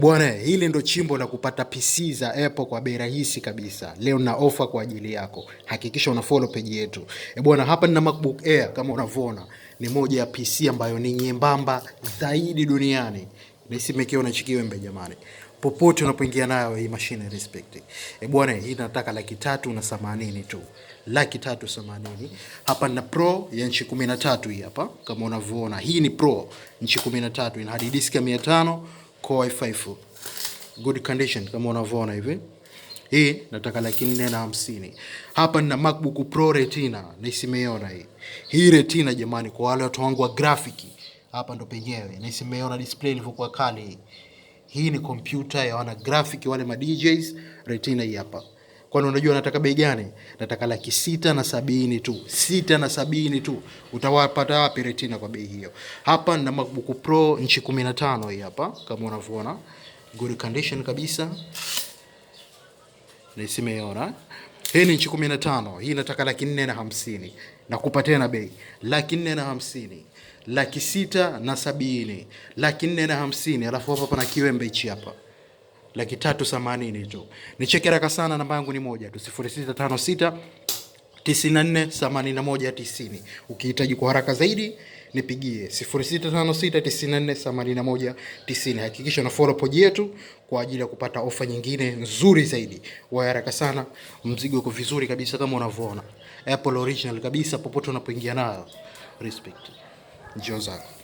Bwana, hili ndo chimbo la kupata PC za Apple kwa bei rahisi kabisa. Leo na ofa kwa ajili yako. Hakikisha una follow page yetu. E bwana, hapa nina MacBook Air kama unavyoona. Ni moja ya PC ambayo ni nyembamba zaidi duniani. Nisimekeo na chiki wembe jamani. Popote unapoingia nayo hii mashine respect. E bwana, hii nataka laki tatu na themanini tu. Laki tatu themanini. Hapa nina Pro ya nchi 13 hii hapa kama unavyoona. Hii ni Pro nchi 13 ina hard disk ya 500 Core i5 good condition kama unavyoona hivi. Hii nataka laki nne na hamsini. Hapa nina MacBook Pro Retina na simeona hii. Hii Retina jamani, kwa wale watu wangu wa grafiki, hapa ndo penyewe na simeona display ilivyokuwa kali. Hii ni kompyuta ya wana grafiki wale ma DJs. Retina hii hapa. Kwani unajua nataka bei gani? Nataka laki sita na sabini tu, sita na sabini tu. Utawapata wapi retina kwa bei hiyo? Hapa na MacBook Pro nchi 15 hii hapa, kama unavyoona good condition kabisa, nisimeona hii ni nchi 15. Hii nataka laki nne na hamsini na kupa tena bei laki nne na hamsini laki sita na sabini laki nne na hamsini alafu hapa pana kiwembe hichi hapa laki tatu themanini tu. Nicheke haraka sana, namba yangu ni moja tu, sifuri sita sita tano 0656 na moja tisini. Ukihitaji kwa haraka zaidi nipigie 0656 94 81 90. Hakikisha una follow page yetu kwa ajili ya kupata ofa nyingine nzuri zaidi. Wa haraka sana, mzigo uko vizuri kabisa kama unavyoona. Apple original kabisa popote unapoingia nayo. Respect. Njoo zako.